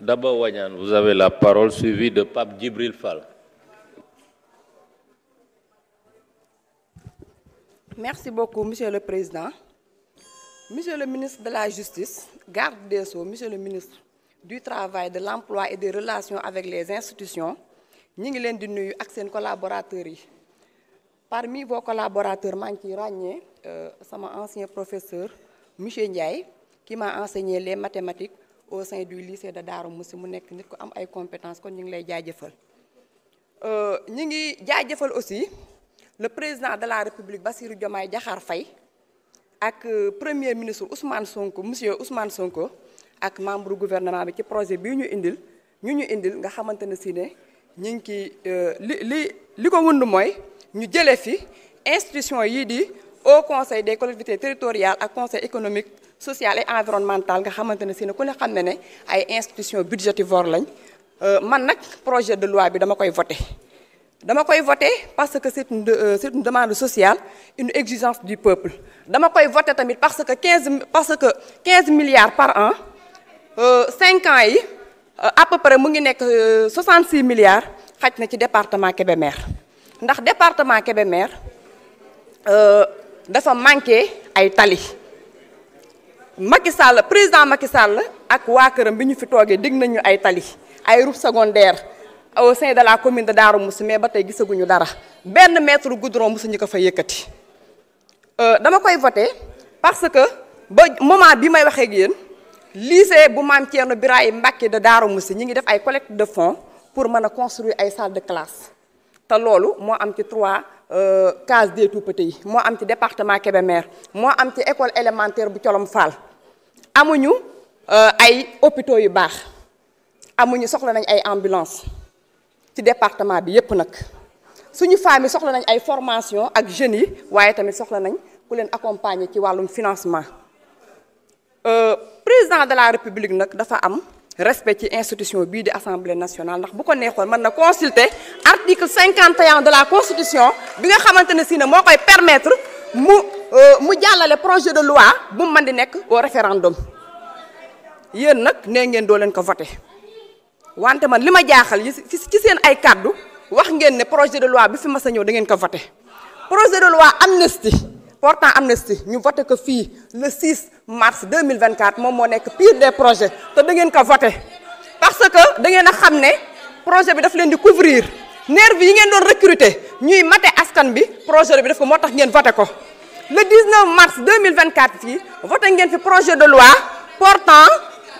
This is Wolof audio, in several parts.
D'abord, Wanyan, vous avez la parole suivie de Pape Djibril Fall. Merci beaucoup, Monsieur le Président. Monsieur le ministre de la Justice, garde des Sceaux, Monsieur le ministre du Travail, de l'Emploi et des Relations avec les institutions, nous sommes venus avec collaborateurs. Parmi vos collaborateurs, Manki Ragné, c'est mon ancien professeur, Monsieur Ndiaye, qui m'a enseigné les mathématiques au sein du lycée de Darou Moussi nit compétences ngi lay euh, aussi le président de la République Bassirou Diakhar euh, premier ministre Ousmane Sonko monsieur Ousmane Sonko ak membre gouvernement bi projet de ñu indil ñu ñu indil nga xamantene ci ne euh, ngi li institution au conseil des collectivités territoriales ak conseil économique sociale et environnementale nga xamantene ne si ne ku ne xam ne ne ay institution budgétivore lañ euh, man nak projet de loi bi dama koy voter dama koy voter parce que c'est une euh, c'est une demande sociale une exigence du peuple dama koy voter tamit parce que 15 parce que 15 milliards par an 5 euh, ans yi à peu près mu ngi nekk 66 milliards xaj na ci département Kébémer ndax département Kébémer dafa manquer ay tali Macky Sall président Macky Sall ak waa këram bi ñu fi toogee dégg nañu ay tali ay route secondaire au sein de la commune de Darou Moussi mais ba tey gisaguñu dara benn mètre goudron mosu ñu ko fa yëkkati. Euh, dama koy voté parce que ba moment bi may waxee ak yéen lycée bu maam bi Birahim Mbacké de Darou Moussi ñi ngi def ay collecte de fonds pour mën a construire ay sale de classe te loolu moo am ci trois. Euh, cas de tout-petits un petit département ci département maire. moi am ci école élémentaire bu Colom nous amuñu euh, ay hôpitaux yu baax amuñu soxla nañ ay ambulances petit département formation accompagner financement euh, président de la république respect ci institution bii di assemblée nationale ndax bu ko neexoon mën na consulter article 51 de la constitution bi nga xamante ne si ne moo permettre mu euh, mu jàllale projet de loi bu mu mën di nekk au référendum yéen nag nee ngeen doo leen ko voté wante man li ma jaaxal ci seen ay kàddu wax ngeen ne projet de loi bi fi mas a ñëw da ngeen ko voté projet de loi amnistie portant amnistie nous votons que le 6 mars 2024 mon est que pire des projets te da ngeen parce que da avons a projet bi daf couvrir nervi yi ngeen doon recruter ñuy maté askan bi projet bi daf ko ngeen voté ko le 19 mars 2024 fi voté ngeen fi projet de loi portant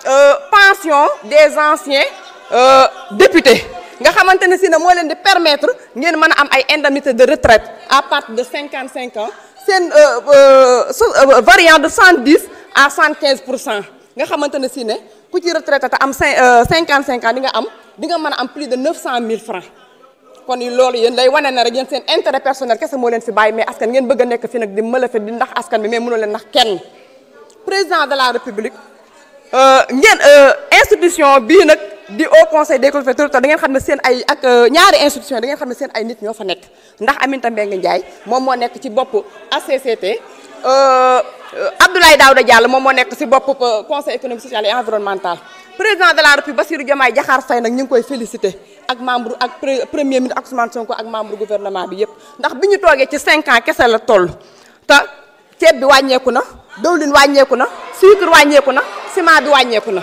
euh, pension des anciens euh, députés nga xamante mo permettre ngeen mëna am ay indemnités de retraite à partir de 55 ans euh, euh, euh, variant de 110 à 115 Nga xamantene si ne ku ci retraite ta am 55 ans di nga am di nga mëna am plus de 900 000 francs kon yi lolu yeen lay wané na rek yeen seen intérêt personnel kessa mo len fi baye mais askan ngeen bëgg nek fi nak di mëlefe di ndax askan mi mais mënu len nak kenn président de la république euh ngeen euh institution bi nak di au conseil des collectivités territoriales da ngeen xam ne seen ay ak euh, ñaari institution da ngeen xam ne seen ay nit ñoo fa nekk ndax aminta Mbengue ndjay mom mo nek ci bop ACCT euh, euh Abdoulaye Daouda Diallo mom mo nek ci bop euh, conseil économique social et environnemental président de la République Bassirou Diomaye jaxar fay nak ñing koy féliciter ak membre ak premier ministre Ousmane Sonko ak membre gouvernement bi yëpp ndax biñu togué ci 5 ans kessa la toll ta ciéb bi wàññeeku na dëwlin wàññeeku na sucre wàññeeku na ciment bi wàññeeku na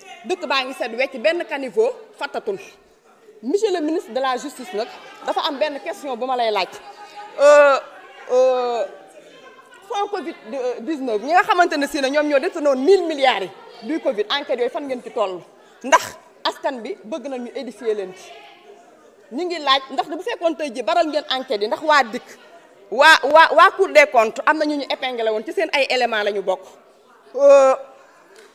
dëkk baa ngi sedd wecc benn caniveau fattatul monsieur le ministre de la justice nag dafa am benn question bu ma lay laaj fonds euh, euh, Covid 19 ñi nga xamante ne si ne ñoom ñoo détournoon 1000 milliards yi du Covid enquête yooyu fan ngeen ci toll ndax askan bi bëgg na ñu édifier leen ci ñu ngi laaj ndax bu fekkoon tey ji baral ngeen enquête yi ndax waa dikk waa waa waa cour des comptes am na ñu ñu épinglé woon ci seen ay éléments la ñu bokk. Euh,